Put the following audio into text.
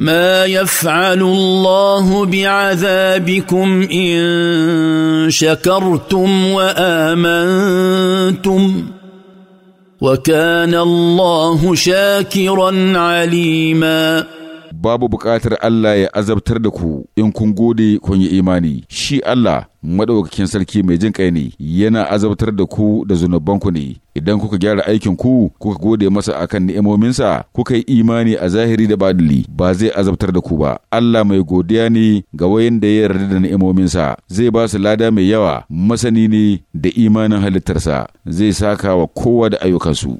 ما يفعل الله بعذابكم ان شكرتم وامنتم وكان الله شاكرا عليما babu buƙatar Allah ya azabtar da ku in kun gode kun yi imani shi Allah madaukakin sarki mai jin kai ne yana azabtar da ku da zunubanku ne idan kuka gyara aikin ku kuka gode masa akan ni'imominsa kuka yi imani a zahiri da badili ba zai azabtar da ku ba Allah mai godiya ne ga wayan da ya yarda da ni'imominsa zai ba su lada mai yawa masani ne da imanin halittarsa zai saka wa kowa da ayyukansu